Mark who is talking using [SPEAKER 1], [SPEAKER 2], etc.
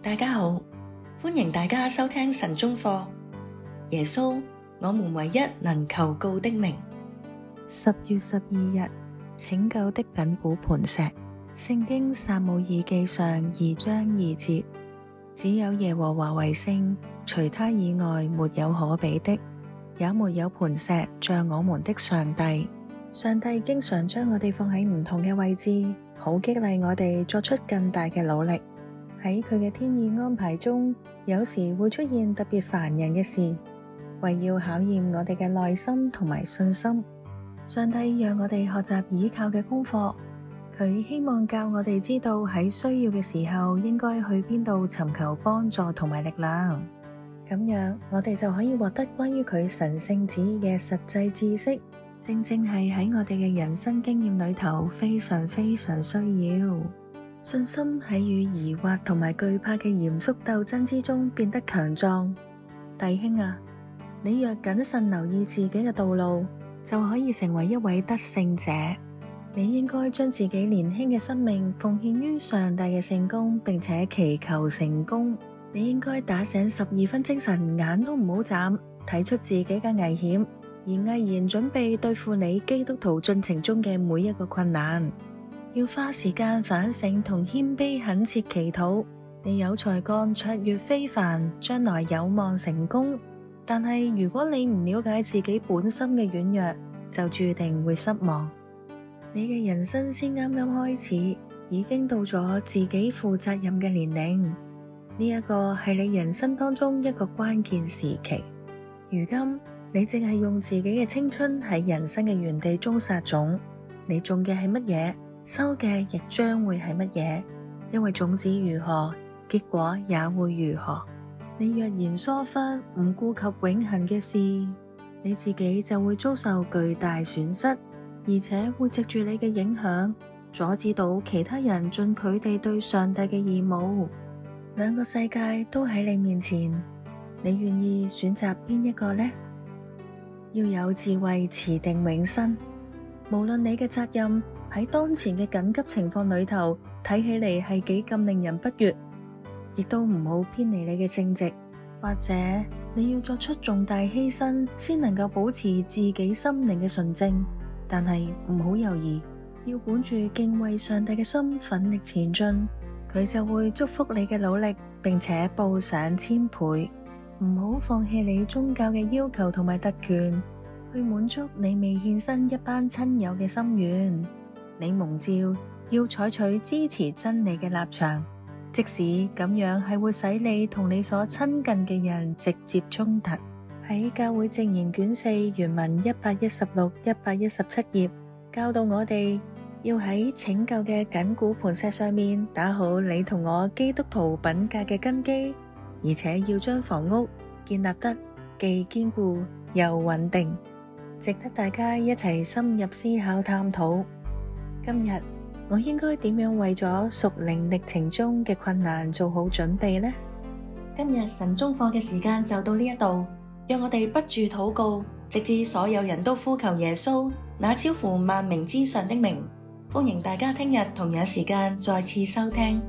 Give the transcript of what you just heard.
[SPEAKER 1] 大家好，歡迎大家收聽晨鐘課。耶穌，我們唯一能求告的名。十月十二日，拯救的亙古磐石。聖經撒母耳記上二章二節：只有耶和華為聖，除他以外沒有可比的，也沒有磐石像我們的上帝。上帝經常將我哋放喺唔同嘅位置，好激勵我哋作出更大嘅努力。喺佢嘅天意安排中，有時會出現特別煩人嘅事，為要考驗我哋嘅耐心同埋信心。上帝讓我哋學習倚靠嘅功課，佢希望教我哋知道喺需要嘅時候應該去邊度尋求幫助同埋力量。咁樣我哋就可以獲得關於佢神聖旨意嘅實際知識，正正係喺我哋嘅人生經驗裏頭非常非常需要。信心喺與疑惑同埋懼怕嘅嚴肅鬥爭之中變得強壯。弟兄啊，你若謹慎留意自己嘅道路，就可以成為一位得勝者。你應該將自己年輕嘅生命奉獻於上帝嘅聖工，並且祈求成功。你應該打醒十二分精神，眼都唔好眨，睇出自己嘅危險，而毅然準備對付你基督徒進程中嘅每一個困難。要花時間反省同謙卑，懇切祈禱。你有才幹，卓越非凡，將來有望成功。但係如果你唔了解自己本身嘅軟弱，就注定會失望。你嘅人生先啱啱開始，已經到咗自己負責任嘅年齡。呢、這、一個係你人生當中一個關鍵時期。如今你淨係用自己嘅青春喺人生嘅原地中撒種，你種嘅係乜嘢？收嘅亦將會係乜嘢？因為種子如何，結果也會如何。你若然疏忽唔顧及永恒嘅事，你自己就會遭受巨大損失，而且會藉住你嘅影響阻止到其他人盡佢哋對上帝嘅義務。兩個世界都喺你面前，你願意選擇邊一個呢？要有智慧，持定永生，無論你嘅責任。喺當前嘅緊急情況裏頭，睇起嚟係幾咁令人不悅，亦都唔好偏離你嘅正直。或者你要作出重大犧牲，先能夠保持自己心靈嘅純正。但係唔好猶豫，要管住敬畏上帝嘅心，奮力前進，佢就會祝福你嘅努力，並且報上千倍。唔好放棄你宗教嘅要求同埋特權，去滿足你未獻身一班親友嘅心願。你蒙召要採取支持真理嘅立場，即使咁樣係會使你同你所親近嘅人直接衝突。喺 教會證言卷四原文一百一十六、一百一十七頁，教導我哋要喺拯救嘅亙古磐石上面打好你同我基督徒品格嘅根基，而且要將房屋建立得既堅固又穩定，值得大家一齊深入思考探討。今日我應該點樣為咗屬靈歷程中嘅困難做好準備呢？今日神中課嘅時間就到呢一度，讓我哋不住禱告，直至所有人都呼求耶穌，那超乎萬名之上的名。歡迎大家聽日同樣時間再次收聽。